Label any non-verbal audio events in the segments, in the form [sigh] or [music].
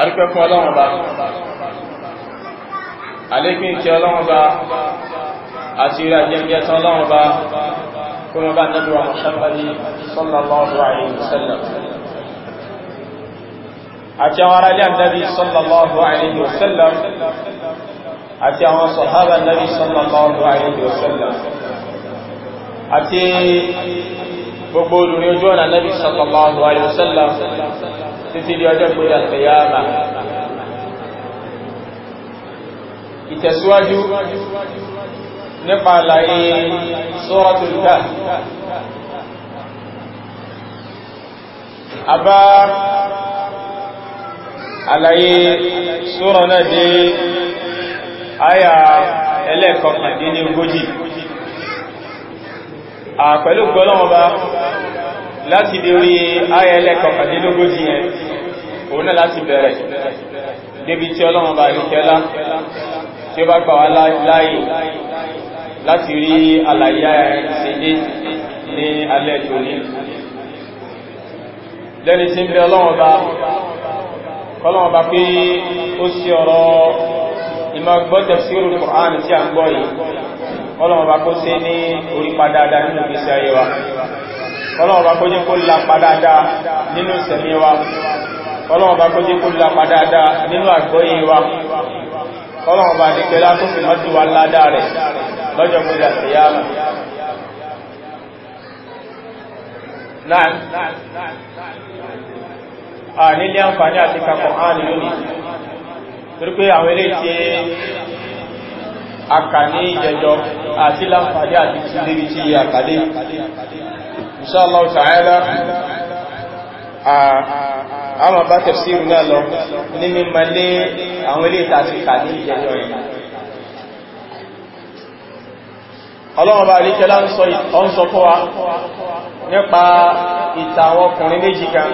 àrípẹ́ fún ọlọ́run bá alékún ìkẹ́ ọlọ́run bá àti ìrà jẹ́mìyà tán ọlọ́run bá kó mọ́ bá nẹ́bí wa mọ̀ṣánbáyí sallallahu alayhi wa sallam àti àwọn ará ilé ànábì sallallahu alayhi wa sallam àti àwọn sàhábà ànábì sallallahu alayhi wa sallam àti gbogbo olùrin ojú ọ̀nà ànábì sallallahu alayhi wa sallam títí di ọjọ́ pé àtẹ̀yàmà ìtẹ̀síwájú nípa àlàyé Suratul Kahf àbá àlàyé sura náà dé àyà ẹlẹ́ẹ̀kọkàndínlógójì àpẹ̀lú gbọ́lọ́wọ́ bá láti dérí ayẹlẹ́kọ̀ọ́kàdínlógójì yẹn òun náà láti bẹ̀rẹ̀ débi tí ọlọ́run bá ní kẹ́lá tí ó bá gbà wá láyé láti rí àlàyé ṣèdé ní alẹ́ tòní lẹ́ni tí ń bẹ ọlọ́run bá kọ́lọ́run bá pé ó sí ọ̀rọ̀ ìmọ̀ gbọ́tẹ̀ sí orí Kùránì tí a ń gbọ́ yìí kọ́lọ́run bá kó sí ní orí padà dáadáa nínú ìgbésí ayé wa ọlọ́run bá kójí kó lápa dáadáa nínú ìsẹ̀mí wa ọlọ́run bá kójí kó lápa dáadáa nínú àgbọ́yé wa ọlọ́run bá ní pẹ́lá tó fi mọ́tí wa ládá rẹ̀ lọ́jọ́ kójá sí yára náà nílé àǹfààní àti kakọ̀ áàlì lónìí torí pé àwọn ní ìjẹjọ àti láǹfààní àti ìlérí tí a kàdé inshallah ta'ala a ma bá tafsiru náà lọ ní mímọ̀ lé àwọn ilé ìtàṣí kàdí ìjẹjọ yìí ọlọ́wọ́ bá rí kẹlá ń sọ fún wa nípa ìtàwọn ọkùnrin méjì kan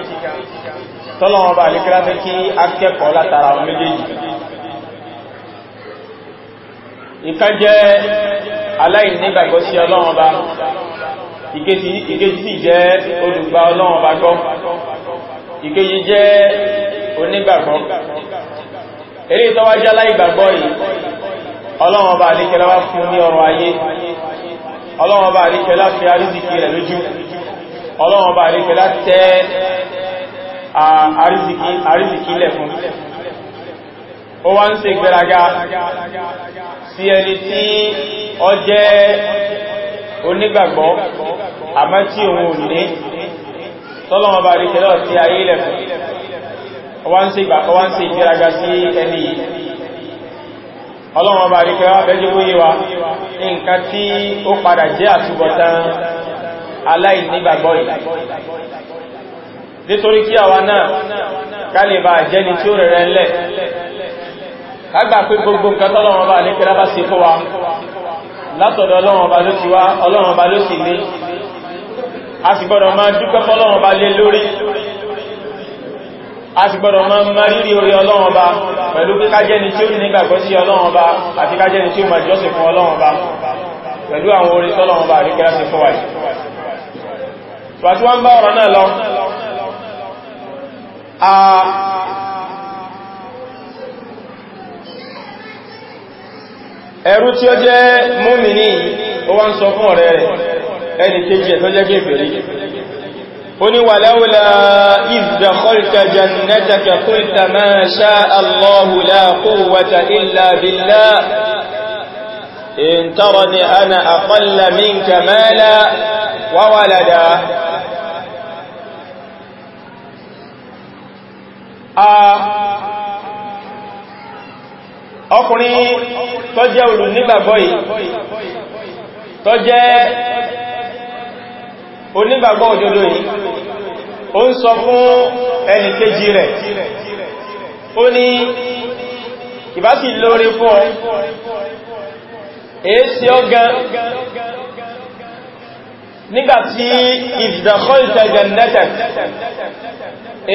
tọ́lọ́wọ́ bá rí fẹ́ kí akẹ́kọ̀ọ́ látara àwọn méjèèjì ìkan jẹ́ aláìnígbàgbọ́ sí ọlọ́wọ́ bá ìkejì sì jẹ́ olùgbà ọlọ́run bá gbọ́ ìkejì jẹ́ onígbàgbọ́ eré ìtọ́wà jẹ́ aláìgbàgbọ́ yìí ọlọ́run bá àríkẹ́lá wá fún ní ọrọ̀ ayé ọlọ́run bá àríkẹ́lá fi àrísìkí rẹ̀ lójú ọlọ́run bá àríkẹ́lá tẹ́ àrísìkí lẹ̀ fún ó wá ń ṣe ìgbéraga sí ẹni tí ó jẹ́ onígbàgbọ́ ama tí òun ò ní tọ́lọ́mọ bá rí tẹ́lọ́ sí ayé ilẹ̀kùn ọwá ń ṣe ìgbà ọwá ń ṣe sí ẹni yìí nka bá rí tẹ́lọ́ ah, bẹ́júwó yíwa nǹkan tí ó padà jẹ́ àtúbọ̀tán aláìnígbàgbọ́ yìí látọ̀dọ̀ ló ti a sì gbọ́dọ̀ máa dúpẹ́ fọ́lọ́wọ́n bá lé lórí a sì gbọ́dọ̀ máa máa rírí orí ọlọ́wọ́n bá pẹ̀lú kíkájẹ́ni tí ó nígbàgbọ́ sí ọlọ́wọ́n bá àti kájẹ́ni tí ó máa jọ́sìn fún ọlọ́wọ́n bá pẹ̀lú àwọn orí tọ́lọ́wọ́n bá rí kẹ́lá sí fọ́wàí pàtí wọ́n bá ọ̀rọ̀ náà lọ ẹ̀rú tí ó jẹ́ múmìnì ó wá ń sọ fún ọ̀rẹ́ rẹ̀ ẹni kéjì ẹ̀tọ́ jẹ́ kéfèrí ó ní wà láwùlá ìdàkọ́lta jannataka qulta ma sha Allahu la quwwata illa billah in tarani ana aqalla minka mala wa walada ọkùnrin tó jẹ́ olùnígbàgbọ́ yìí tó onígbàgbọ́ òdodo yìí ó ń sọ fún ẹni kejì rẹ̀ ó ní ìbákì lórí fún ọ èéṣe ọgán nígbàtí ìdàkọ́ ìtẹ̀gẹ̀ nẹ́tẹ̀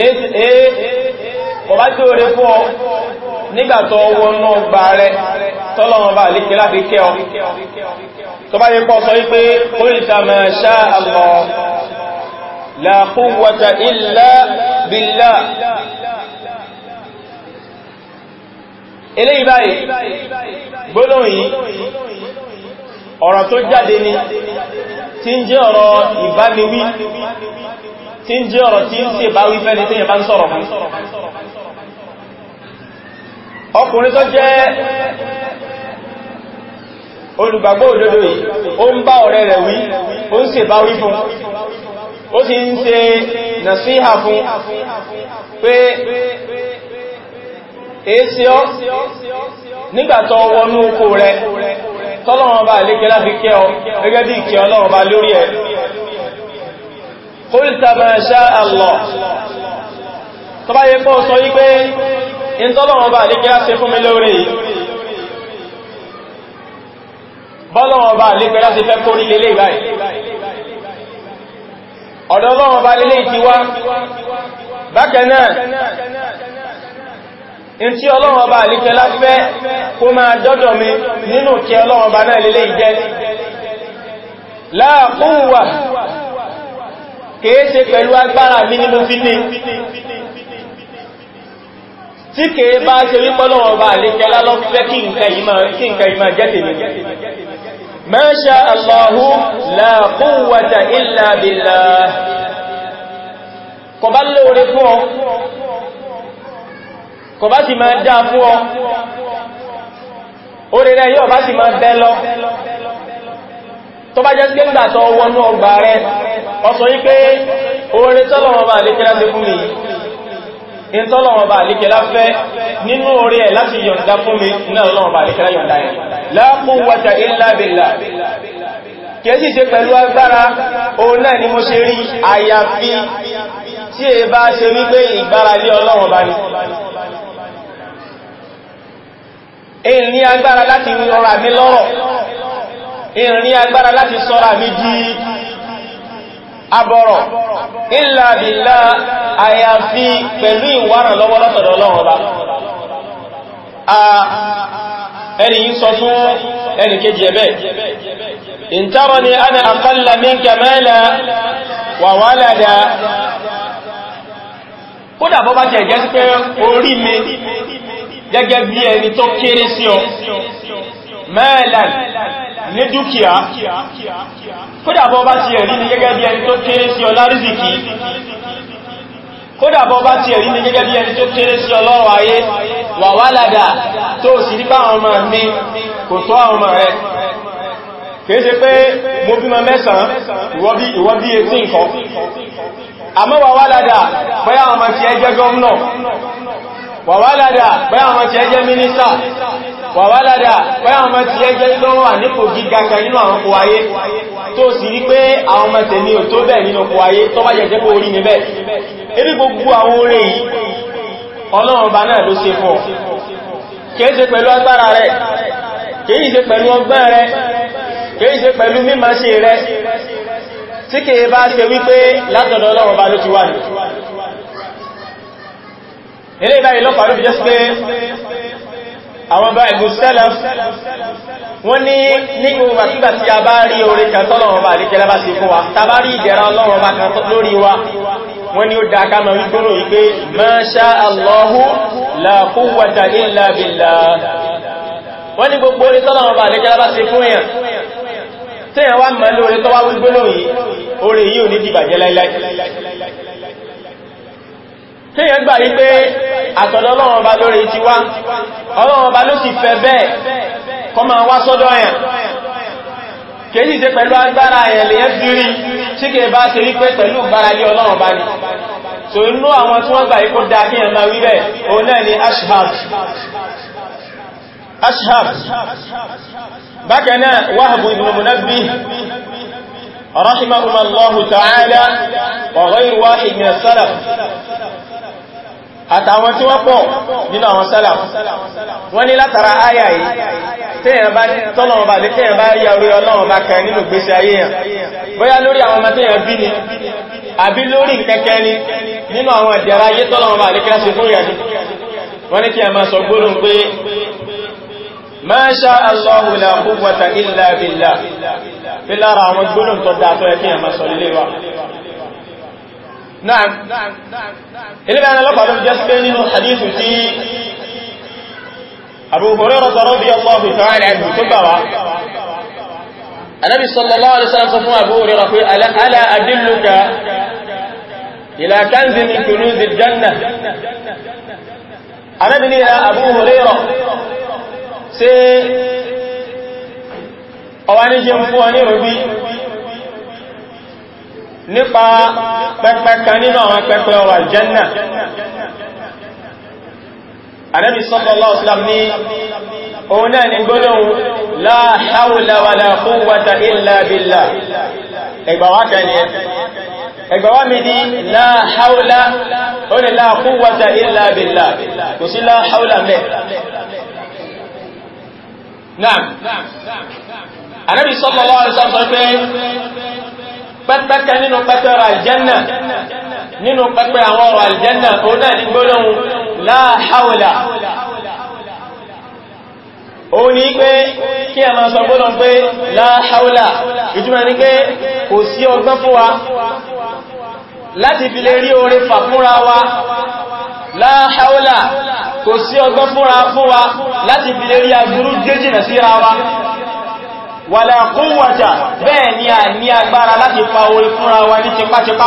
èé ọba tí ó rí fún ọ nígbàtọ̀ ọwọ́ náà gbà rẹ̀ tọ́lọ́wọ́n bá lè kí láti kẹ́ ọ tó bá yẹ pọ́ sọ wípé qulta ma sha Allah la quwwata illa billah eléyìí báyìí gbólóhùn yìí ọ̀rọ̀ tó jáde ni tí ń jẹ́ ọ̀rọ̀ ìbániwí tí ń jẹ́ ọ̀rọ̀ tí ń ṣe báwí fẹ́ni tí yẹ ń sọ̀rọ̀ fún ọkùnrin tó jẹ́ olùgbàgbọ́ òdodo yìí ó ń bá ọ̀rẹ́ rẹ̀ wí ó ń ṣe bá wí fún ó sì ń ṣe nàṣíhà fún pé èsì ọ́ nígbàtọ̀ wọnú oko rẹ̀ tọ́lọ́wọ́n bá lékẹ́ láti kẹ́ ọ gẹ́gẹ́ bí ìkẹ́ ọlọ́wọ́n bá lórí ẹ̀ kólítàmà ṣá Allah tọ́bá yẹ pọ́ sọ wípé in tọ́lọ́wọ́n bá lékẹ́ láti fún mi lórí yìí bọ́lọ́wọ́ bá lè pẹ́lá sí fẹ́ kórí lélé ìbáyìí ọ̀dọ̀ ọlọ́wọ́ bá lélé ti wá bákan náà in tí ọlọ́wọ́ bá lè pẹ́lá fẹ́ kó máa dọ́dọ̀ mi nínú kí ọlọ́wọ́ bá náà lélé ìjẹ́ la quwwa kìí ṣe pẹ̀lú agbára mi ni mo fi ní tí kèé bá ṣe wípọ́lọ́wọ́ bá lè pẹ́lá lọ́fẹ́ kí nǹkan ìmọ̀ jẹ́ ما شاء الله لا قوة إلا بالله kọba lóore fún ọ kọba sì máa dáa fún ọ orí rẹ yóò bá sì máa bẹ́ lọ tó bá jẹ́ gbẹ́gbà tó wọnú ọgbà rẹ ọ̀sọ̀ yí pé oore tọ́lọ̀wọ̀n bá lékẹ́lá sí fún mi in fẹ́ nínú orí ẹ̀ láti yọ̀ǹda fún mi náà lọ́wọ́n bá lékẹ́lá yọ̀ǹda ẹ̀ la quwwata illa billah kìí ṣe pẹ̀lú agbára òun náà ni mo ṣe rí àyàfi tí è bá ṣe wípé ìgbára lé Ọlọ́run bá ní èyí agbára láti rọra mi lọ́rọ̀ èyí agbára láti sọ́ra mi di abọ̀rọ̀ illa billah pẹ̀lú ìwárànlọ́wọ́ lọ́tọ̀dọ̀ Ọlọ́run bá ẹni yí sọ fún ẹni kejì ẹ̀bẹ̀ ìntàrọ ni a na àkọlà mínkà mẹ́lá wà wà ládá kódà bọ́ bá jẹ́ jẹ́ sí pé orí mi gẹ́gẹ́ bí ẹni tó kéré sí ọ mẹ́lá ní dúkìá kódà bọ́ bá ti ẹ̀rí ni gẹ́gẹ́ bí ẹni tó kéré sí ọ lárízìkì kódà bọ́ bá ti ẹ̀rí ni gẹ́gẹ́ bí ẹni tó kéré sí ọ lọ́rọ̀ ayé wà wálàdà tó sì rí báwọn ọmọ mi kò tọ́ àwọn ọmọ rẹ̀ kìí ṣe pé mo bímọ mẹ́sàn-án ìwọ́bí etí nǹkan àmọ́ wà wálàdà pẹ́ àwọn ọmọ ti ẹjẹ́ gọ́ọ̀nà wà wálàdà pẹ́ àwọn ọmọ ti ẹjẹ́ mínísà wà wálàdà pẹ́ àwọn ọmọ ti ẹjẹ́ lọ́wọ́ nípò gíga ọlọ́run ọba náà ló ṣe fọ́ kìí ṣe pẹ̀lú agbára rẹ̀ kìí ṣe pẹ̀lú ọgbọ́n rẹ̀ kìí ṣe pẹ̀lú mímọ̀ ṣe rẹ̀ tí kìí bá ṣe wípé látọ̀dọ̀ ọlọ́run ọba ló ti wà ní ilé ìbáyìí lọ́pàá ló fi jẹ́ sí pé àwọn bá ẹgbù sẹ́lẹ̀ wọ́n ní nígbò wàtígbà tí a bá rí orí kan tọ́lọ̀wọ́ bá rí kẹlẹ́bá sí fún wa tàbá rí ìdẹ̀ra ọlọ́wọ́ bá kan lórí wa wọ́n ní ó dá ká máa wípé ròyìn pé masha Allahu la quwwata illa billah tíyàn gbà yí pé àtọ̀dọ̀ ọlọ́run ọba lórí ti wá ọlọ́run ọba ló sì fẹ́ bẹ́ẹ̀ kó máa wá sọ́dọ̀ yàn kèyí jẹ pẹ̀lú agbára yẹn lèyàn fi rí tí kèé bá ti rí pé pẹ̀lú gbáralé ọlọ́run ọba ni so inú àwọn tí wọ́n gbà yí kó dá kí ẹ̀ máa wí bẹ́ẹ̀ òun náà ni ashab ashab bákan náà wahbu ibn munabbi rahimahum àtàwọn tí wọ́n pọ̀ nínú àwọn sálà wọ́n ní látara àyà yìí tẹ́yàn bá tọ́lọ̀wọ̀n bá lè tẹ́yàn bá yà orí ọlọ́wọ̀n bá kẹ nínú gbésí ayé yàn bóyá lórí àwọn ọmọ tẹ́yàn bí ni àbí lórí kẹ́kẹ́ nínú àwọn ìdẹ̀ra ayé tọ́lọ̀wọ̀n bá lè náà ilẹ̀ ẹ̀nà lọ́pàá ló jẹ́ pé nínú hadithu tí Abu Hurairah radiyallahu ta'ala anhu tó gbà wá Ànábì sallallahu alaihi wasallam sọ fún Abu Hurairah pé ala adilluka ila kanzi min kunuzil janna Ànábì ní Abu Hurairah ṣe ọwá ní ṣe fún ọ ní rubí nípa pẹ́pẹ́ kan nínú àwọn pẹ́pẹ́ ọ̀rọ̀ aljanna Ànábì sallallahu alaihi wasallam ní òun náà ni gbónáwó la hawla wala quwwata illa billah ẹgbàwá kẹni ẹgbàwá mi ní la hawla ó ní la quwwata kò sí la mẹ́ Naam. Ànábì sallallahu pẹ́pẹ́kẹ́ nínú pẹ́pẹ́ ọ̀rọ̀ aljanna nínú pẹ́pẹ́ àwọn ọ̀rọ̀ aljanna ó náà ní gbólóhùn la hawla ó ní pé kí a máa sọ gbólóhùn pé la hawla ìjúmọ̀ ní pé kò sí ọgbọ́n fún wa láti fi lè rí oore fà fúnra wa la kò sí ọgbọ́n fúnra fún wa láti fi lè rí agbúrú jẹ́jìnà síra wa wàlá kúnwàtà bẹ́ẹ̀ ni a ní agbára láti pa orí fúnra wa ní tipátipá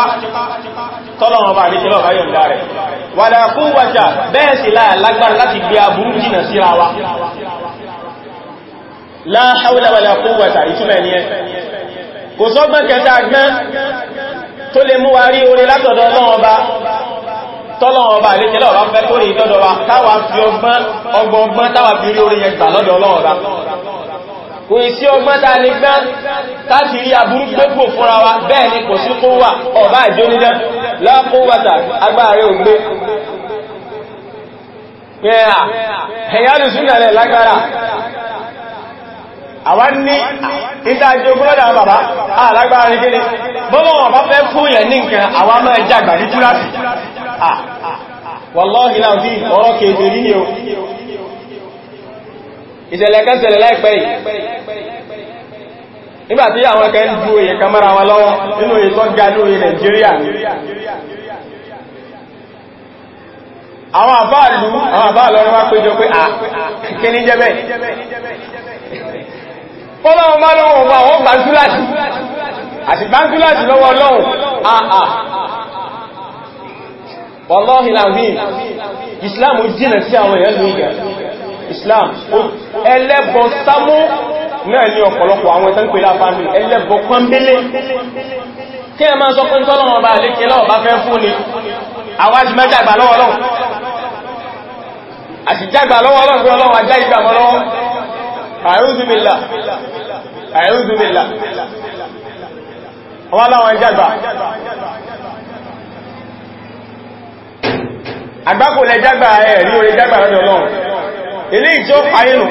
tọ́lọ̀wọ̀n bá ní tẹ́lọ̀ báyọ̀ ńlá rẹ̀ wàlá kúnwàtà bẹ́ẹ̀ sì láà lágbára láti gbé aburú jìnà síra wa la hawla wàlá kúnwàtà ìtumẹ̀ ni ẹ kò sọ́gbọ́n kẹta gbọ́n tó lè mú wa rí orí látọ̀dọ̀ lọ́wọ́ba tọ́lọ́wọ́n kò sí ọgbọ́n tá lè gbọ́n láti rí gbogbo fúnra wa bẹ́ẹ̀ ni kò sí kó wà ọ̀bá ìjóníjẹ́ lọ́kọ́wàtà agbáre ògbé pẹ́ẹ̀à ẹ̀yàlù súnlẹ̀ lágbára àwọn ní ìdájọ́ gbọ́dà bàbá alágbára ní ìṣẹ̀lẹ̀ kan ṣẹlẹ̀ láìpẹ́ yìí nígbàtí àwọn ẹ̀kẹ́ ń ju èyẹ kan mara wọn lọ́wọ́ nínú èyí tó ga lórí Nàìjíríà àwọn àbáàlú àwọn àbáàlọ́rin wá péjọ pé à kí ní jẹ́bẹ̀ fọ́lọ́wọ́n bá lọ́wọ́ ọgbà wọ́n gbáńtúláṣì àti gbáńtúláṣì lọ́wọ́ Ọlọ́run àà wọ́lọ́hìláwí Islam islam ẹlẹ́bọ sámú náà ní ọ̀pọ̀lọpọ̀ àwọn ẹ̀tọ́ ń pè láfáàmì ẹlẹ́bọ pọ́nbélé kí ẹ máa sọ pé tọ́lọ́wọ́ bá lè kílọ́ bá fẹ́ fún ni àwájú mẹ́jàgbà lọ́wọ́ lọ́wọ́ àtìjágbà lọ́wọ́ lọ́wọ́ lọ́wọ́ ajá ìgbà mọ́ lọ́wọ́ a'udhu billah a'udhu billah wọ́n láwọn ìjàgbà àgbákò lẹ jágbà ẹ̀ ní orí jágbà lọ́dọ̀ lọ́wọ́ eléyìí tí ó pàyínù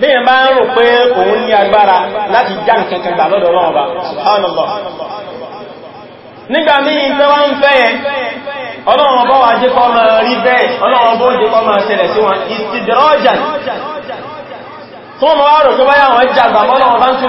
bíyàn bá ń rò pé òun ní agbára láti já nǹkankan gbà lọ́dọ̀ náà bá subhanallah nígbà míì tẹ́ wá ń fẹ́ yẹn ọlọ́run bọ́ wá jẹ́ kó máa rí bẹ́ẹ̀ ọlọ́run bọ́ jẹ́ kó máa ṣẹlẹ̀ sí wọn ìsìdìrọ́jà tó mọ́ wá rò pé báyà wọn jàgbà mọ́lọ́run bá ń tún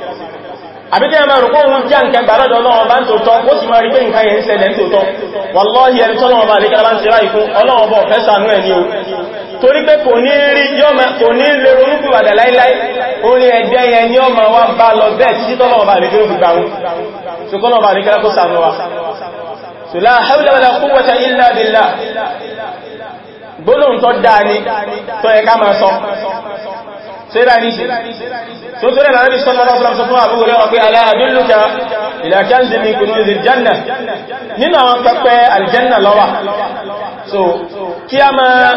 àbíkẹ́ ẹ̀mà rùkú òun já nǹkan gbà lọ́dọ̀ ọlọ́wọ́ bá ń tó tọ́ ó sì máa rí pé nǹkan yẹn ń ṣẹlẹ̀ ń tó tọ́ wàlọ́hì ẹni tọ́lọ́wọ́ bá lékẹ́ bá ń tẹ́rà ìfún ọlọ́wọ́ bọ̀ fẹ́ sànú ẹ̀ ní o torí pé kò ní rí yọ́mà kò ní lè ronúkúwàdà láíláí orí ẹgbẹ́ yẹn ni ọmọ wa bá lọ سيرا نيسي سوتر النبي صلى الله عليه وسلم أبو هريرة في ألا أدلك إلى كنز من كنوز الجنة نينا وانكب الجنة لوا so kí a máa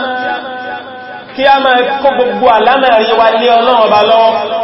kí a máa kó gbogbo àlámẹ̀rí wa lé Ọlọ́run ọba lọ́wọ́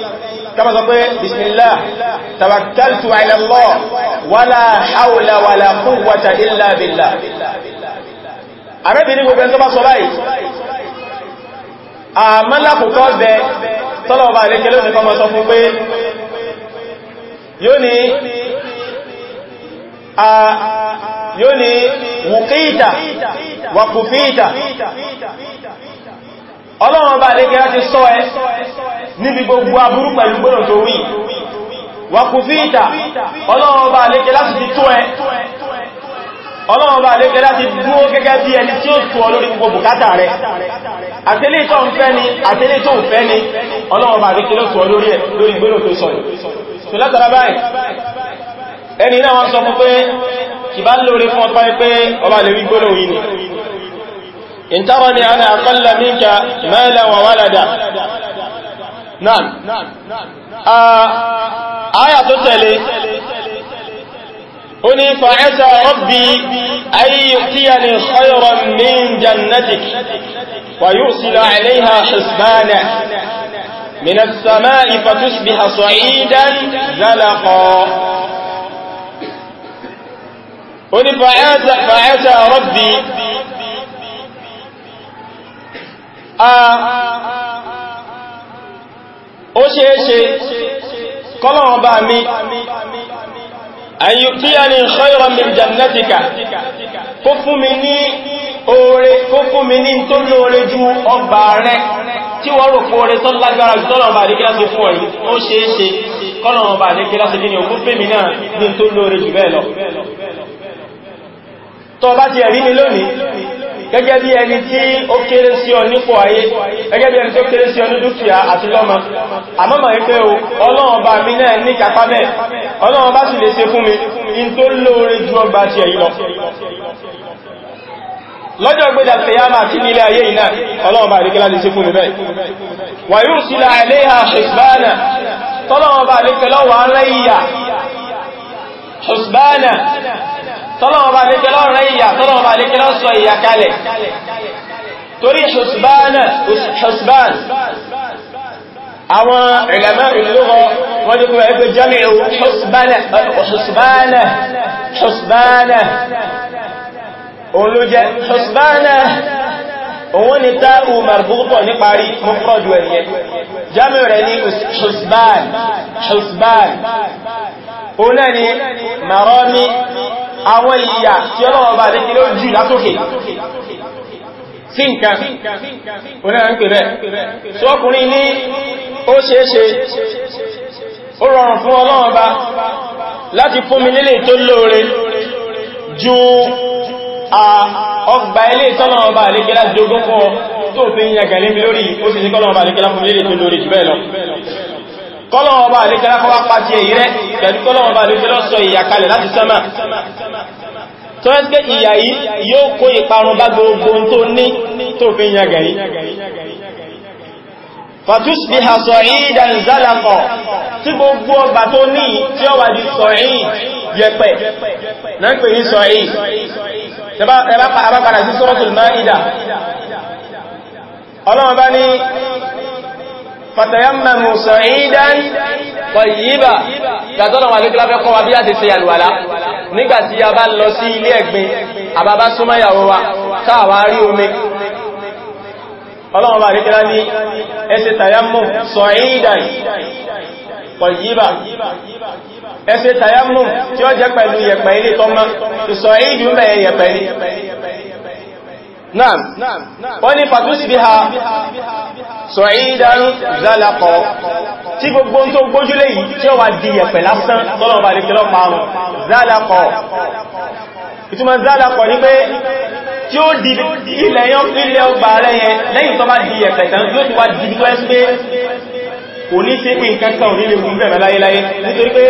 kama sọ pé bismillah tawakkaltu ala Allah wala hawla wala quwwata illa billah arábìnrin gbogbo ẹni tó bá sọ báyìí àmọ́lápùkọ́ bẹ tọ́lọ̀ọba àríkẹ́ lónìí kọmọ sọ fún pé yóò ní a yóò ọlọ́run bá lè kẹ́lá ti sọ ẹ níbi gbogbo aburú pẹ̀lú gbọ́nà tó wí wàkù fi ìta ọlọ́run bá lè kẹ́lá ti tó ẹ ọlọ́run bá lè kẹ́lá ti dúró gẹ́gẹ́ bí ẹni tí ó tó ọ lórí gbogbo bùkátà rẹ àtẹ́lé tó ń fẹ́ ni àtẹ́lé tó ń fẹ́ ni ọlọ́run bá lè kẹ́lá tó ọ lórí ẹ lórí gbọ́nà tó sọ ẹni náà wọ́n sọ fún pé kìbá lóore fún إن ترني أنا أقل منك مالا وولدا نعم آه، آية تسلي هني فعسى ربي أن يؤتيني خيرا من جنتك ويرسل عليها حسبانا من السماء فتصبح صعيدا زلقا هني فعسى ربي ó ṣe é ṣe kọ́lọ̀wọ̀n bá mi àyíkí a ní khayran min jannatika kó fún mi ní oore kó fún mi ní tó lóore ju ọgbà rẹ tí wọ́n rò fún oore tó lágbára jù tọ́lọ̀wọ̀n bá dékílá sí fún ọ̀yí ó ṣe é ṣe kọ́lọ̀wọ̀n bá dékílá sí gíní òkú fèmì náà ní tó lóore jù bẹ́ẹ̀ lọ tọ́ bá ti ẹ̀rí mi lónìí gẹ́gẹ́ bí ẹni tí ó kéré sí ọ nípò ayé gẹ́gẹ́ bí ẹni tí ó kéré sí ọ ní dúkìá àti lọ́mọ àmọ́mọ̀ ipé o ọlọ́run bá mi náà ní kápá bẹ́ẹ̀ ọlọ́run bá sì lè ṣe fún mi in tó lóore ju ọgbà ti ẹ̀yìn lọ lọ́jọ́ gbẹ́dà tẹ̀yàmà tí nílé ayé iná ọlọ́run bá ìrìkẹ́lá lè ṣe fún mi bẹ́ẹ̀ wà yóò sílá ẹlẹ́yà ṣùgbọ́nà tọ́lọ́run bá ìrìkẹ́lọ́wà ń rẹ̀ ìyà ṣùgbọ́nà tọ́lọ́wọ́ba lékẹ́ lọ́rùn rẹ̀ ìyà tọ́lọ́wọ́ba lékẹ́ lọ́ sọ ìyà kalẹ̀ torí ṣùsùbánà àwọn ìlàmẹ́ ìlúwọ́ wọ́n ní kúrò ẹgbẹ́ jami ṣùsùbánà òun ló jẹ́ ṣùsùbánà òun ni tá umar púpọ̀ ní parí mú pọ̀jù ẹ̀yẹ jami rẹ̀ ní ṣùsùbánà òun náà ni marami àwọn ìyà tí ọlọ́wọ́ bá dékè ló jù látókè sí nǹkan onáà ń pè bẹ́ tí ọkùnrin ní ó ṣeéṣe ó rọrùn fún ọlọ́wọ́ bá láti fún mi nílé tó lóore ju ọgbà ilé tọ́lọ́wọ́ bá dékè láti dogun fún ọ tó fi ń yàgà lé mi lórí kọ́lọ̀wọ́ bá àlékẹ́lá kọ́wá pàtí èyí rẹ̀ pẹ̀lú kọ́lọ̀wọ́ bá sọ ìyàkalẹ̀ láti sánmà tó ìyà yìí yóò kó ìparun bá gbogbo tó ní tó fi yàn gẹ̀rí fàtúsì bí ha sọ tí gbogbo ọgbà tó ní tí ó di sọ ìyí yẹpẹ̀ pè ní sọ sí ọlọ́wọ́ bá ní فتيمموا صعيدا طيبا gbàtọ́nà wà lékílá fẹ́ kọ́ wa bí a ti ṣe àlùwàlá nígbàtí a bá lọ sí ilé ẹ̀gbin àbábá súnmọ́ ìyàwó wa káàwà rí omi ọlọ́wọ́n bá lékílá ní ẹsẹ̀ tayammum sa'idan pọ̀yíbà نعم وني فتصبح سعيدا زلقا tí gbogbo tó gbójúlé yìí tí ó wà di ẹ̀pẹ̀ lásán tọ́lọ̀wà lè tẹ́lọ parun zálàkọ̀ ìtumọ̀ zálàkọ̀ ní pé tí ó di ilẹ̀ yán ilẹ̀ ọgbà rẹ̀ yẹn lẹ́yìn tó bá di ẹ̀pẹ̀ tán yóò ti wá di tó ẹ́ pé kò ní sí pín nǹkan tán nílé ogun bẹ̀rẹ̀ láyéláyé nítorí pé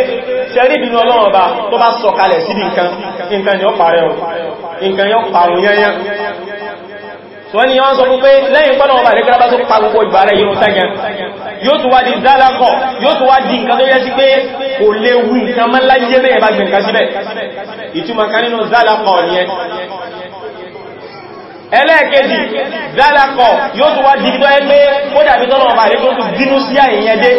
ṣẹ́rí ìbínú ọlọ́run wọ́n ni wọ́n sọ fún pé lẹ́yìn pọ́nà ọba rẹ̀ gẹ́rẹ́bá tó pa gbogbo ìgbà rẹ̀ yóò tẹ́gẹ̀ yóò tó wá di dálákọ̀ yóò tó wá di nǹkan tó yẹ sí pé kò lè nǹkan mọ́láyé bẹ́ẹ̀ gbẹ̀ǹkan síbẹ̀ ìtumọ̀ kan nínú dálákọ̀ ẹlẹ́ẹ̀kejì dálakọ̀ yóò tún wá dìbí tó ẹ pé ó dàbí tọ́nà ọba àríkò tó bínú sí àìyàn dé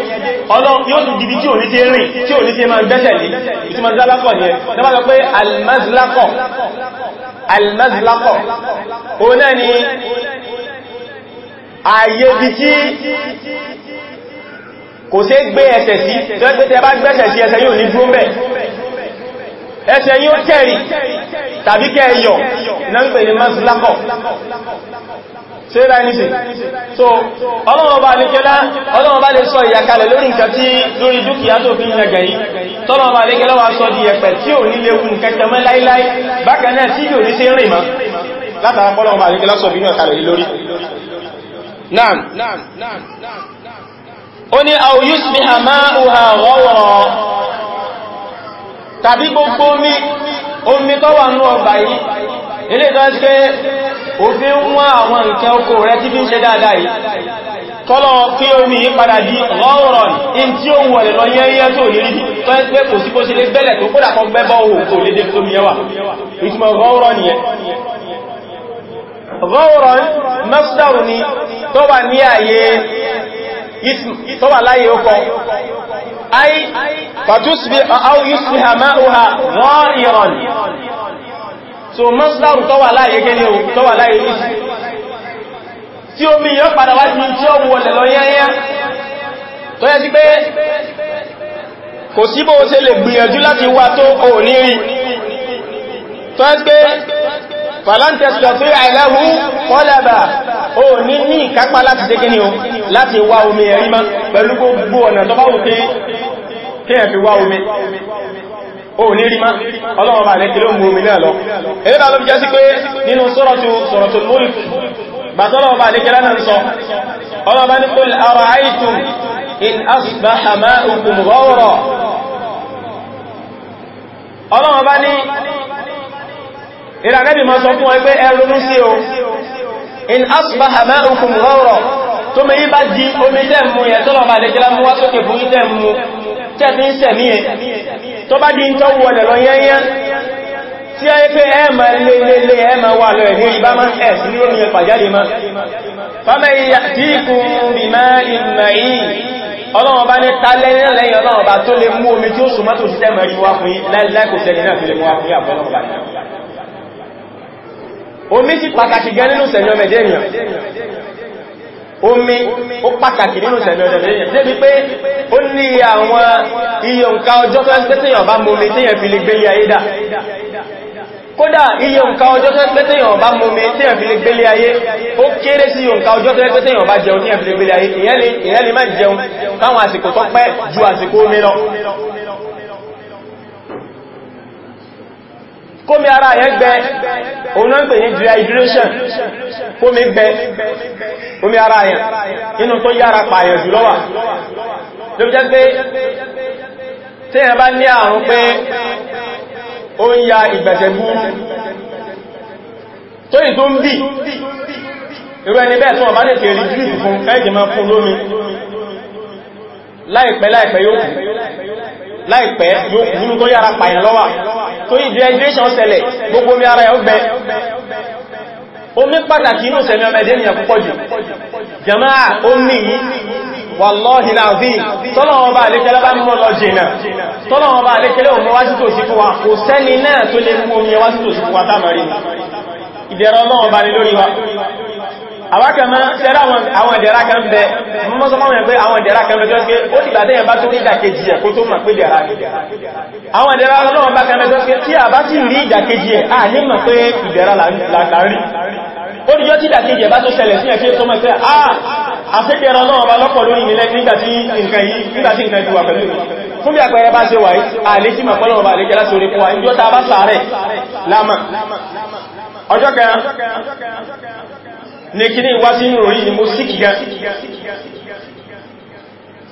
ọlọ́run yóò tún dìbí tí ò ní ṣe rìn tí ò ní ṣe máa gbẹ́sẹ̀ lé ìtumọ̀ dálakọ̀ ni ẹ tọ́bá sọ pé almazlakọ̀ almazlakọ̀ òun náà ni ààyè bí tí kò ṣe gbé ẹsẹ̀ sí tó ẹ pé tẹ bá gbẹ́sẹ̀ sí ẹsẹ̀ yóò ní dúró mẹ́ ẹsẹ̀ yóò kẹ́rì tàbí kẹ́ yọ náà pè ní ṣe rá ní sí so ọlọ́wọ́ bá lè kẹ́lá ọlọ́wọ́ bá lè sọ ìyàkalẹ̀ lórí nǹkan tí lórí dúkìá tó fi yẹ gẹ̀yí tọ́lọ́wọ́ bá lè kẹ́lá wà sọ di ẹ̀pẹ̀ tí ò ní léwu kẹta mọ́ láíláí bákan tí ilé tó ń pé òfin ń wá àwọn nǹkan oko rẹ̀ tí fi ń ṣe dáadáa yìí kọ́lọ̀ kí omi yìí padà di lọ́rọ̀ in tí ó wọ̀ lè lọ yẹ́yẹ́ tó ní rí tó ń kò sí kó sí lé gbẹ́lẹ̀ tó kódà kan gbẹ́bọ́ ohun tó lè dé tó miẹwà ìtumọ̀ lọ́rọ̀ nìyẹn lọ́rọ̀ mẹ́sùdáwù ni tó wà ní so mọ́sílárù tọ́wà láyé gẹ́lẹ́ o tọ́wà láyé ìsì tí omi yọ padà wá ní tí ó wọlẹ̀ lọ yányá tó yẹ sí pé kò sí bó ṣe lè gbìyànjú láti wá tó o ní rí tó yẹ sí pé falanteska tó yà ìlàhú kọ́lábà o ní ní ìkápá láti ṣe gẹ́lẹ́ o láti wá omi ẹ̀rí má pẹ̀lú gbogbo ọ̀nà tó bá wù pé kí ẹ̀ fi wá omi ó lè rí máa ọlọ́wọ́ bá lẹ́kì ló mú omi náà lọ ẹ̀lẹ́bà ló fi jẹ́ sí pé nínú suratul mulk bàtọ́lọ́wọ́ bá lẹ́kì lánàá sọ ọlọ́bá ní qul ara'aytum in asbaha ma'ukum ghawra ọlọ́wọ́ bá ní ìrànẹ́bì máa sọ fún wọn pé ẹrùnú sí o in asbaha ma'ukum ghawra tó mẹ́ bá di omi tẹ́ mú ẹ̀ tọ́lọ̀ bá lẹ́kì mú wá sókè fún ìtẹ́ mú tẹ́ fi ń sẹ̀mí tó bá di tó wọlẹ̀ lọ yányá tí a yẹ pé ẹ̀mà lélẹ́lẹ́ ẹ̀mà wà lọ ẹ̀mú ìbámá ẹ̀sì ní omi ẹ̀pàjáde ma fọ́mẹ́ ìyà tí kùn bí máa ìmà yìí ọlọ́wọ́n bá ní tálẹ́lẹ́ lẹ́yìn ọlọ́wọ́n bá tó lè mú omi tí ó súnmọ́ tó sísẹ́ omi sì pàtàkì gan nínú sẹ̀yọ́ omi ó pàtàkì nínú ìṣẹ̀lẹ̀ ọ̀dẹ̀lẹ́yìn débi pé ó ní àwọn iye nǹkan ọjọ́ tó ń pẹ́tẹ̀yàn bá momi tíyàn fi lè gbélé ayé dà kódà iye nǹkan ọjọ́ tó ń pẹ́tẹ̀yàn bá momi tíyàn fi lè gbélé ayé ó kéré sí iye nǹkan ọjọ́ tó ń pẹ́tẹ̀yàn bá jẹun tíyàn fi lè gbélé ayé ìyẹn lè má jẹun káwọn àsìkò tó pẹ́ ju àsìkò omi lọ kómi ara yẹn gbẹ òun ń pè ní dehydration kómi gbẹ omi ara yẹn inú tó yára pààyàn jù lọ́wà ló jẹ́ pé tí yẹn bá ní àrùn pé ó ń ya ìgbẹ̀sẹ̀ gbúrú tó ì tó ń bì irú ẹni bẹ́ẹ̀ tó wọ́n bá lè tèrè jù fún ẹgbẹ̀mọ́ fún lómi láìpẹ́ láìpẹ́ yóò láìpẹ́ nínú tó yára pààyàn lọ́wà tó yí dehydration ṣẹlẹ̀ gbogbo omi ara ẹ̀ ó gbẹ omi pàtàkì inú sẹ̀mí ọmọ ẹ̀dẹ́ nìyàn púpọ̀ jù jama'a omi yìí wallahi láàbí tọ́lọ̀wọ́n bá alékẹ́lẹ́ bá mọ́ lọ jìnà tọ́lọ̀wọ́n bá alékẹ́lẹ́ òun wá sí tòsí fún wa kò sẹ́ni náà tó lè mú omi wá sí tòsí fún wa támàrí ìdẹ̀rọ ọlọ́wọ́n bá ní àwákẹ́mọ́ tẹ́lá àwọn ìdẹ̀ra kan bẹ mọ́sánmọ́ yẹn pé àwọn ìdẹ̀ra kan bẹ tó ṣe ó dìgbà tẹ́yẹn bá tó rí ìdàkejì ẹ̀ kó tó mọ̀ pé dẹ̀ra àwọn ìdẹ̀ra ọlọ́wọ́n bá kan bẹ tó ṣe tí a bá sì rí ìdàkejì ẹ̀ à ní mọ̀ pé ìdẹ̀ra láàárín ó dìjọ́ tí ìdàkejì ẹ̀ bá tó ṣẹlẹ̀ sí ẹ̀kí tó mọ̀ pé à ah, àfẹ́kẹ́rọ ọlọ́wọ́n bá lọ́pọ̀ lórí mi lẹ́gbẹ̀ẹ́ nígbà tí nǹkan yìí nígbà tí nǹkan ìdúwà pẹ̀lú fún bí àpẹẹrẹ bá ṣe wà yìí àlékí mọ̀ pọ́lọ́wọ́ bá lékẹ́ láti orí fún wa ìjọ́ta bá sàárẹ̀ lámà ọjọ́ kẹrin ní kí wa ìwá sí ni mo síkì gan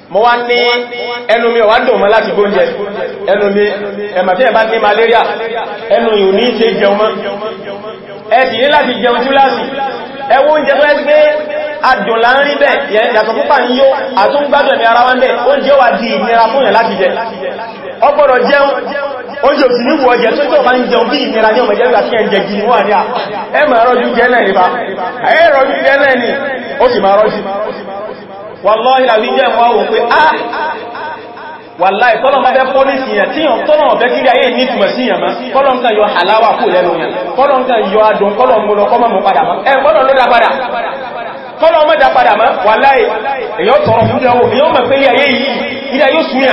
mo wá ní ẹnu mi ọ̀wá dùn mọ́ láti gbóúnjẹ ẹnu mi ní malaria ẹnu yìí ò ní ṣe jẹun mọ́ ẹ sì ní láti jẹun túláàsì ẹwọ oúnjẹ tó ẹgbẹ́ adùn láàrin bẹ́ẹ̀ yàtọ̀ púpà ní yóò àtúngbádùn ẹ̀mí ara wá ń bẹ́ẹ̀ oúnjẹ wà di ìnira fún yẹn láti jẹ oúnjẹ òsì ní wọ́n jẹ tó tó bá ń jẹun bí ìnira ní ọmọ jẹ́ láti ẹ̀jẹ̀ gini wọ́n ní à ẹ máa rọ́jú jẹ́ náà ní bá ẹ rọ́jú jẹ́ náà ní ó sì máa rọ́jú wàláhì ìlàbí jẹ́ wọ́n wò pé á ah! wàláhì tọ́lọ́m fẹ́ pọ́lìsì yẹn tí tọ́lọ́m fẹ́ kí ayé ní ìtumọ̀ sí yẹn kọ́lọ́m kan yọ mọ́ padà mọ́ ẹ tọrọ fún ìyàwó èyàn mọ̀ pé ayé yìí ilé yóò súnyà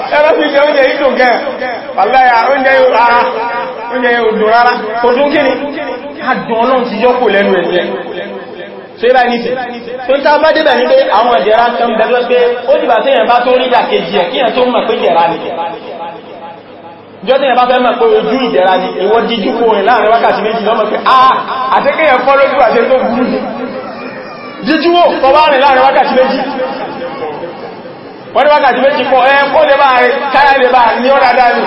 ẹran sí jẹ oúnjẹ ìdùn gẹn aláyà oúnjẹ ìdùn rárá kò dún kí ni adùn ọlọ́run ti yọ́kò lẹ́nu ẹ̀jẹ̀ tó yíba ní ṣe tó ń ta bá débẹ̀ ní pé àwọn ìjẹ̀ra kan bẹ̀rẹ̀ pé ó dìbà tí èyàn bá tó rí ìdàkejì ẹ̀ kí èyàn tó mọ̀ pé jẹ̀ra ni jọ́ tí èyàn bá fẹ́ mọ̀ pé ojú ìjẹ̀ra ni ìwọ díjú kó rìn láàrin wákàtí méjì lọ́mọ̀ pé ah àti kéyàn fọ́ lójú àti tó burú díjú wò tọ́ bá rìn láàrin wákàtí méjì wọ́n ní wákàtí méjì pọ̀ ẹ kó lè máa káyà lè máa ní ọ́nà dáadé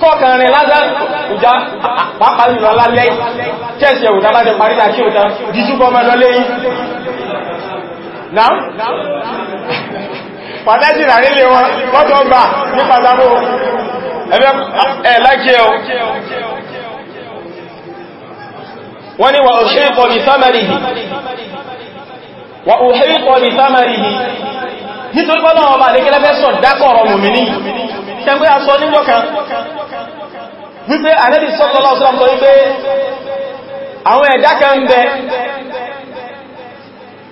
kọ́kànrin lásán ìjá pàápàá jùlọ alálẹ́ chẹ́sì ẹ̀wùn tàbá jẹ parí àkí òta jíjú bọ́ mẹ́lọ lẹ́yìn náà [laughs] pàtẹ́jì rà nílé wọn lọ́tọ̀ gbà ní pàtàkó wọ́n ni wà òṣèrè pọ̀ ní sámẹ́rì wà òhèrí kọlì sámàrí ni nítorí pọ́lọ́ ọba àdékẹ́lẹ́fẹ́ sọ dákọ̀ọ̀rọ̀ mùmìnì tẹgbé aṣọ níjọ́ kan wípé àrẹ́bì sọ́tọ́lọ́ ọ̀sọ́lọ́ wípé àwọn ẹ̀dá kan ń bẹ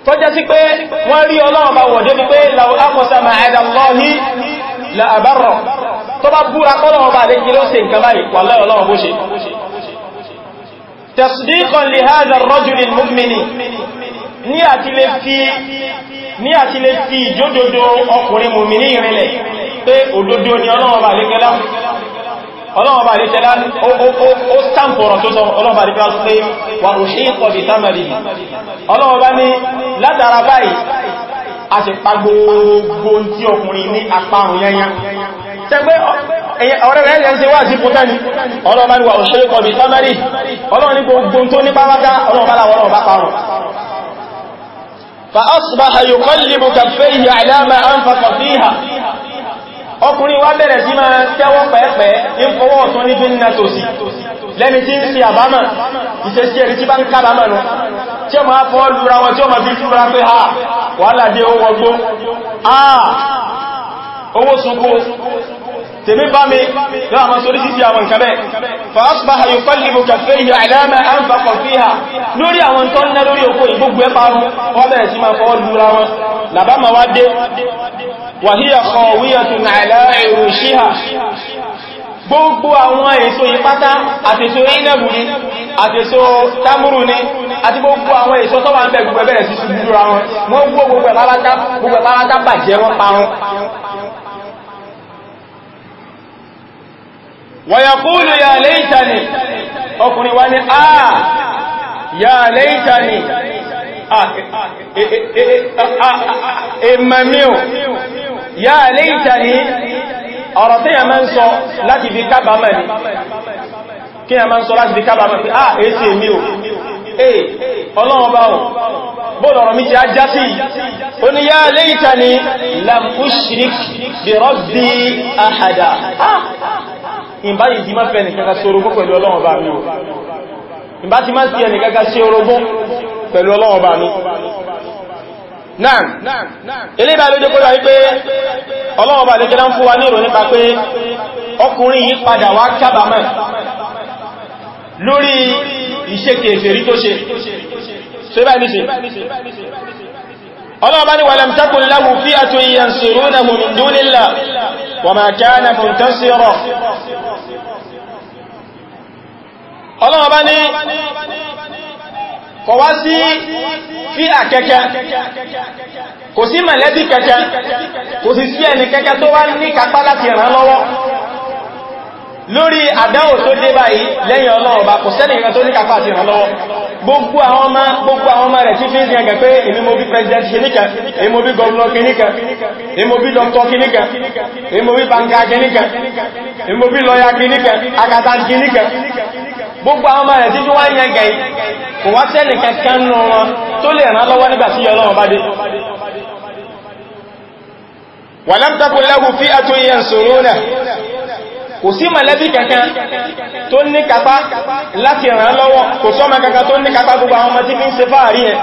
tó jẹ́ sí pé wọ́n rí ọlọ́run bá wọ̀dé wípé bá búra kọ́lọ́run ló ṣe nǹkan báyìí wà lọ́rọ̀ lọ́wọ́ bó ṣe tasdiqan li hadha ar-rajul ní àti lè fi ní àti lè fi ìjódodo ọkùnrin mùmìnì ìrìnlẹ̀ pé òdodo ni ọlọ́wọ́ bà lè kẹ́lá ọlọ́wọ́ bá àríkẹ́ lá ó sàmpọ̀rọ̀ tó sọ ọlọ́wọ́ bá àríkẹ́ pé wà ó ṣe ń pọ̀dì sámàrí ọlọ́wọ́ bá ní látara báyìí a ti pa gbogbo tí ọkùnrin ní apárun yányá tẹgbẹ́ ọ̀rẹ́ rẹ̀ yẹn ti wá sí pútá ní ọlọ́wọ́ bá ní wà ó ṣe ń pọ̀dì sámàrí ọlọ́wọ́ ní gbogbo tó ní pàwátá ọlọ́wọ́ bá láwọ́ ọlọ́wọ́ bá parun فأصبح يقلب كفيه على ما أنفق فيها ọkùnrin wá bẹ̀rẹ̀ sí máa tẹ́wọ́ pẹ́ẹ̀pẹ́ ní fọwọ́ ọ̀tún ní bínú tòsí lẹ́ni tí ń ṣe àbámà ìṣẹ́sí ẹ̀rí tí bá ń kábàmà nù tí ó máa lura wọn tí ó bí fúra pé ha wà ládé ah, owó ọgbó tèmi bá mi náà ma sórí títí àwọn nǹkan bẹ́ẹ̀ fa asbaha yuqallibu kaffayhi ala ma anfaqa fiha lórí àwọn tó ń ná lórí òkú ìgbógbé parun wọ́n bẹ̀rẹ̀ sí máa fọwọ́ lura wọn làbá ma wá dé wa hiya khawiyatun ala urushiha gbogbo àwọn èso ìpátá àtèso ìnàbù ni àtèso tamuru ni àti gbogbo àwọn èso tó wà ń bẹ gbogbo ẹ̀bẹ̀rẹ̀ sí sí lura wọn wọ́n gbogbo ẹ̀lára ká bàjẹ́ wọn parun wàyàkúlù yà lẹ́ìtàní ọkùnrin wá ní àà yà lẹ́ìtàní ìmàmíò yà lẹ́ìtàní ọ̀rọ̀ tí yà máa ń sọ láti fi kábàmà ní kí yà máa ń sọ láti fi kábàmà pé àà ah, èsì èmi ee ọlọ́run bá wọn bọ́ọ̀lọ́rọ̀ mi ti á já sí ó ní yá léìta ni lam ushrik bi rabbi ahada ìbá yìí ti má fẹ́ nìkankan sí orogún pẹ̀lú ọlọ́run bá mi o ìbá ti má fẹ́ nìkankan sí orogún pẹ̀lú ọlọ́run bá mi náà ilé ìbá lójú kúrò wípé ọlọ́run bá lójú láń fún wa ní ìròyìn nípa pé ọkùnrin yìí padà wá kábàámọ̀ lórí iṣẹ́ kèfèrí tó ṣe ṣe bá ní ṣe ọlọ́ọ̀bá ní walam takun lahu fi'atun yansurunahu min dunillah wa ma kana muntasira ọlọ́ọ̀bá ní kò wá sí fíà kẹ́kẹ́ kò sí mẹ̀lẹ́bí kẹ́kẹ́ kò sí sí ẹni kẹ́kẹ́ tó wá ní kápá láti ràn lọ́wọ́ lórí àdáwò tó dé báyìí lẹ́yìn ọlọ́run bá kò sẹ́lẹ̀ ìran tó ní kàfà àti ìrànlọ́wọ́ gbogbo àwọn ọmọ gbogbo àwọn ọmọ rẹ̀ tí fi ń rí ẹgbẹ̀ pé èmi mo bí president kìníkà èmi mo bí governor kìníkà èmi mo bí doctor kìníkà èmi mo bí banker kìníkà èmi mo bí lawyer gbogbo àwọn ọmọ rẹ̀ tí fi yìí kò wá sẹ́lẹ̀ kankan nù wọn tó lè ràn lọ́wọ́ nígbà tí bá dé fí kò sí mọ̀lẹ́bí kankan tó ní kápá láti ràn lọ́wọ́ kò sọ́mọ kankan tó ní kápá gbogbo àwọn ọmọ tí fi ń ṣe fáàrí ẹ̀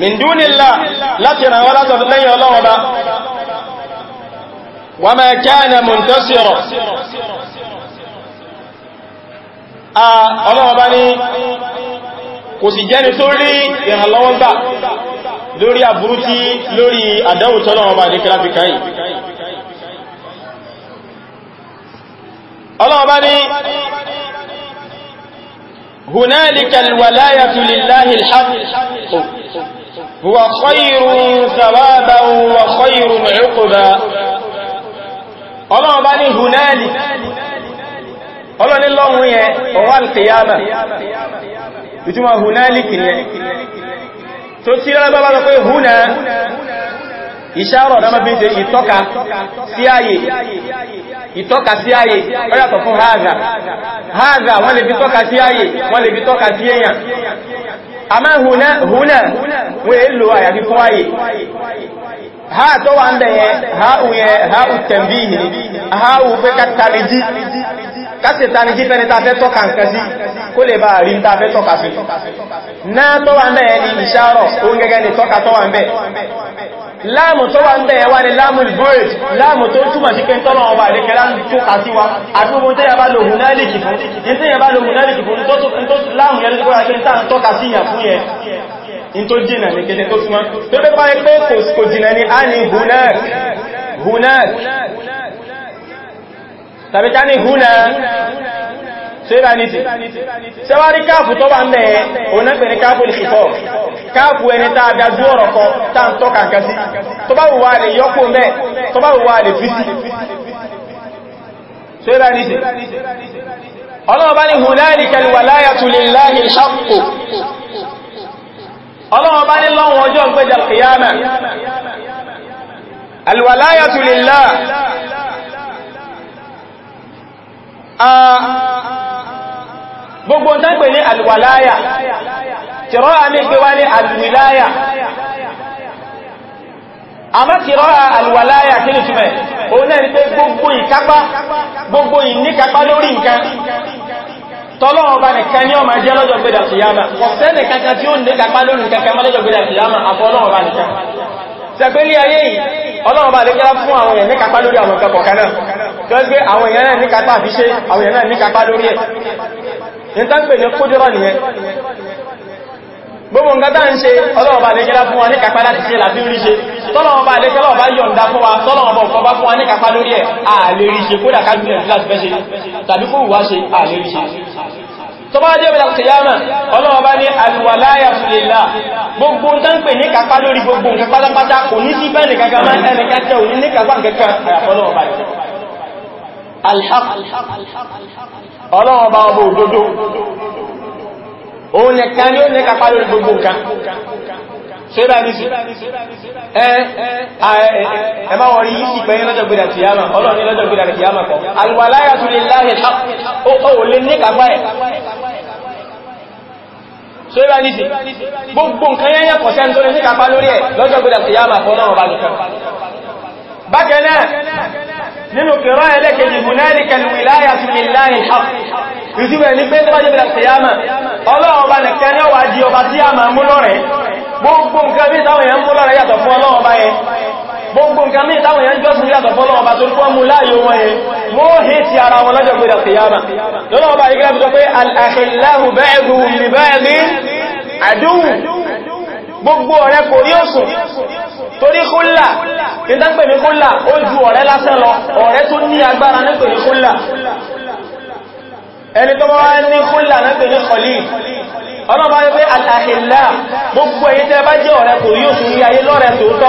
min dunillah láti ràn wọ́n látọ̀ lẹ́yìn ọlọ́wọ́ bá wa ma kana muntasira ọlọ́wọ́ bá ní kò sì jẹ́ni tó rí ìrànlọ́wọ́ gbà lórí àbúrú tí lórí àdáwùtọ́lọ́wọ́ bá ní kíláfikà yìí ọlọ́wọ́ bá ní hunalikal walayatu lillahi alhaq huwa khayrun thawaban wa khayrun 'uqba ọlọ́wọ́ bá ní hunali ọlọ́ni lọ́run yẹn ọwọ́ alkiyama ìtumọ̀ hunalik yẹn tó tí lọ́rọ̀ bá ìtọ́ka sí ààyè ìtọ́ka sí ààyè ó yàtọ̀ fún haza haza wọ́n lè fi tọ́ka sí ààyè wọ́n lè fi tọ́ka sí èèyàn àmá hùnà hùnà wọ́n èlò àyàfi fún ààyè ha tó wà ń bẹ̀yẹn ha ù ha ù ha ù fẹ́ jí káṣẹ̀ tani jífẹ́ ní tafẹ́ tọ́ka nǹkan sí kó lè bá rí tafẹ́ tọ́ka sí náà tó wà mẹ́ ní ìṣàrọ̀ oún gẹ́gẹ́ ní tọ́ka tó wà mẹ́ láàmù tó wà mẹ́ wà ní láàmù ìbúrẹ̀ láàmù tó túmọ̀ sí pé tọ́lọ̀ ọba àdékẹ́lá ń tọ́ka sí wa àti ohun tẹ́yà bá lò hùnálìkì fún ìtẹ́yà bá lò hùnálìkì fún tó láàmù yẹn lórí kọ́ra pé ń tàbí ká ní húnà síra ní ti ṣẹwárí káàfù tó bá ń bẹ̀ẹ́ onápẹ̀ ní káàfù lè ṣùfọ́ káàfù ẹni tá a dájú ọ̀rọ̀ kan tá ń tọ́ka nǹkan sí tó bá wùwà lè yọ́kù mẹ́ tó bá wùwà lè fi sí síra ní ti ní hunalika alwalayatu lillahi alhaqqu ọlọ́wọ́ gbogbo tán pè ní alwalaya kìrọ́ a ní pé wá ní alwilaya àmá kìrọ́ alwalaya kí ní túnmẹ̀ òun náà ni pé gbogbo ìkápá gbogbo ìníkápá lórí nǹkan tọ́lọ́wọ́ bá nìkan ní ọmọ jẹ́ lọ́jọ́ gbẹ́dà kìyàmà ọ̀sẹ́nì kankan tí ó ń dẹ́kàpá lórí kankan mọ́ lọ́jọ́ gbẹ́dà kìyàmà àfọ́lọ́wọ́ bá nìkan sẹ́gbẹ́lé ayé yìí ọlọ́wọ́ bá lè kẹ́lá fún àwọn èèyàn ní kàpá lórí àwọn kankan náà tó ń gbé àwọn èèyàn náà ní kápá fi ṣe àwọn èèyàn náà ní kápá lórí ẹ̀ ní tán pè ní kódírọ̀ nìyẹn gbogbo nǹkan tá ń ṣe ọlọ́ọ̀bá àlejẹ́lá fún wa ní kápá láti ṣe láti rí ṣe tọ́lọ̀ọ̀bá àlejẹ́lá bá fún wa tọ́lọ̀ọ̀bá ọ̀kan bá fún wa ní kápá lórí ẹ̀ ààlè rí ṣe kódà ká gbìyànjú láti fẹ́ ṣe tàbí kó wùwá ṣe ààlè rí ṣe tọ́bá jẹ́ ìbẹ̀lẹ̀ kìyàmà ọlọ́ọ̀bá ní alùwàláyà fìlèlà gbogbo tán pè ní kápá lórí gbogbo nǹkan pátápátá kò ní sí bẹ́ẹ̀ nìkankan máa ẹnìkan tẹ́ òní ní kápá nǹkan kan àyàfọ́lọ́ọ̀bá alhaq ọlọ́wọ́ bá ọmọ òdodo òun nìkan ni ó ní kàpá lórí gbogbo nǹkan ṣe bá ní sí ẹ má wọ̀rí yìí sí pẹ̀yìn lọ́jọ́ gbẹ̀dà tìyàmà ọlọ́run ní lọ́jọ́ gbẹ̀dà tìyàmà kọ alwalayatu lillahi alhaq ó lè ní kàpá ẹ̀ ṣe bá ní sí gbogbo nǹkan yẹ́yẹ́ kọ̀ṣẹ́ bákanáà nínú kìrọ ẹlẹ́kẹ̀ẹ́jì hunalika alwilayatu lillahi alhaq ìsúwẹ̀ ní pé tó bá jẹ́ bẹ̀rẹ̀ kìyàmà ọlọ́run ọba nìkan ní ọwà di ọba tí a máa mú lọ́rẹ̀ gbogbo nǹkan bí táwọn èèyàn mú lọ́rẹ̀ yàtọ̀ fún ọlọ́run ọba yẹn gbogbo nǹkan mí táwọn èèyàn jọ́sìn yàtọ̀ fún ọlọ́run ọba tó kọ́ mú láàyò wọn yẹn wọ́n hì ti ara wọn lọ́jọ́ pé kìyàmà lọ́lọ́run ọba ìgbẹ́ sọ pé al-akhillahu ba'duhum li ba'din àdúhù gbogbo ọ̀rẹ́ kò rí òsùn torí kúlà ìdánpẹ̀ ní kúlà ó ju ọ̀rẹ́ lásán lọ ọ̀rẹ́ tó ní agbára nípẹ̀ ní kúlà ẹni tó wá ní kúlà nípẹ̀ ní kọlì ọlọ́bà rí pé àtàhìlá gbogbo èyí tẹ́ bá jẹ́ ọ̀rẹ́ kò yóò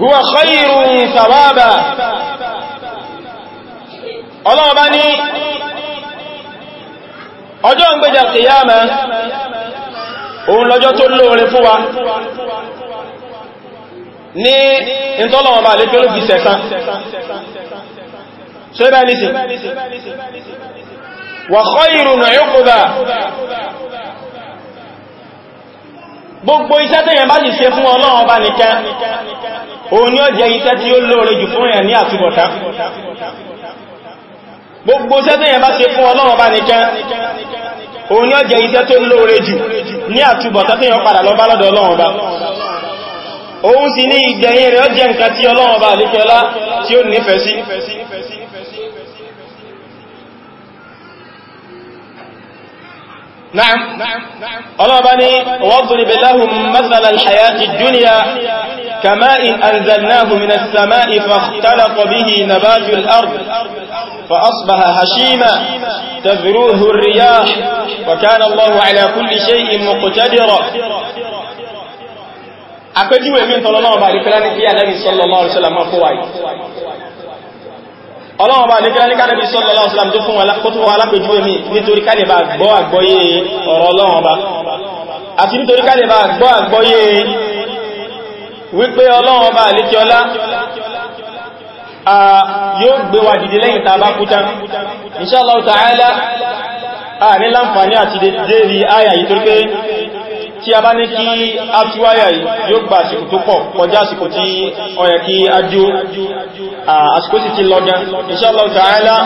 huwa khayrun thawaba ọlọ́wọ́ bá ní ọjọ́ ń gbéjà kìyàmà òun lọ́jọ́ tó lóore fún wa ní ìtọ́lọ̀wọ̀n bá lè tó lóbi sẹ̀sán so ibẹ̀ nìsí wà khayrun 'uqba gbogbo iṣẹ́ tó yẹn bá sì ṣe fún ọlọ́run ọba nìkan òun ni ó jẹ iṣẹ́ tí ó lóore jù fún yẹn ní àtúbọ̀tá gbogbo iṣẹ́ tó yẹn bá ṣe fún ọlọ́run ọba nìkan òun ni ó jẹ iṣẹ́ tó lóore jù ní àtúbọ̀tá tó yẹn padà lọ bá lọ́dọ̀ ọlọ́run ọba òun sì ní ìgbẹ̀yìn rẹ̀ ó jẹ nǹkan tí ọlọ́run ọba àlékẹ́lá tí ó nífẹ̀ẹ́ sí نعم الله بني واضرب لهم مثل الحياة الدنيا كماء أنزلناه من السماء فاختلط به نبات الأرض فأصبح هشيما تذروه الرياح وكان الله على كل شيء مقتدرا أكدوا من طلبنا بارك لنا في النبي صلى الله عليه وسلم فوائد ọlọ́wọ́ bá lè gẹ́rẹ́ kánàbí sallallahu alaihi wasallam tó fún wa alápẹjú èmì nítorí ká lè bá gbọ́ àgbọ́yé ọ̀rọ̀ ọlọ́wọ́ bá àti nítorí ká lè bá gbọ́ àgbọ́yé wípé ọlọ́wọ́ bá lè yóò gbé wa dìde lẹ́yìn tàbá kúta ta'ala a ní láǹfààní àti dérí àyà yìí torí pé tí a bá ní kí a tú àyà yìí yóò gbà àsìkò tó pọ̀ kọjá àsìkò tí ó kí a dúó àsìkò sì ti lọ́gán inshallah ta'ala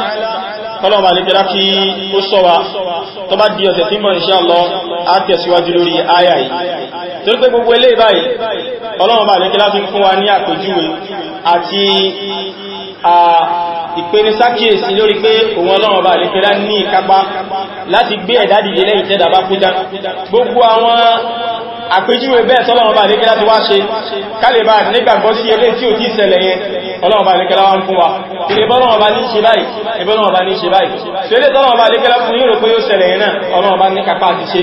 kọlọ̀bà ní kẹ́lá kí ó sọ́wà tó bá di ọ̀sẹ̀ tí mọ̀ inshallah á tẹ̀síwájú lórí àyà yìí torí pé gbogbo eléyìí báyìí ọlọ́ọ̀bà ní kẹ́lá fi fún wa ní àpèjúwe àti ìpeni sákíyèsí lórí pé òun ọlọ́run bá lè fẹ́lá ní ìkápá láti gbé ẹ̀dá dìde lẹ́yìn tẹ́dà bá kú dán gbogbo àwọn àpèjúwe bẹ́ẹ̀ tọ́lọ́run bá lè fẹ́lá ti wá ṣe kálẹ̀ bá nígbàgbọ́ sí ẹlé tí ò tí ìṣẹ̀lẹ̀ yẹn ọlọ́ọ̀bá alékẹ́lá wá ń fún wa ìbọ́lọ́ọ̀bá ní ṣe báyìí ìbọ́lọ́ọ̀bá ní ṣe báyìí ṣe lè tọ́lọ́ọ̀bá alékẹ́lá fún yíò pé ó ṣẹlẹ̀ yẹn náà ọlọ́ọ̀bá ní kàpá àti ṣe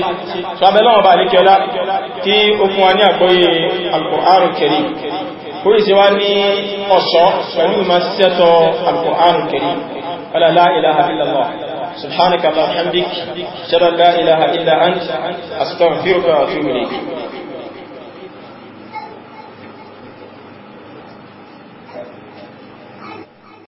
ṣàbẹ̀lọ́ọ̀bá alékẹ́lá kí ó fún wa ní àgbọ́yé Al-Qur'an Karim kúrì sí wá ní ọ̀ṣọ́ pẹ̀lú ìmá síṣẹ́tọ̀ Al-Qur'an Karim ala la ilaha illallah subhanaka allahumma hamdik shada la ilaha illa anta astaghfiruka wa atubu ilayk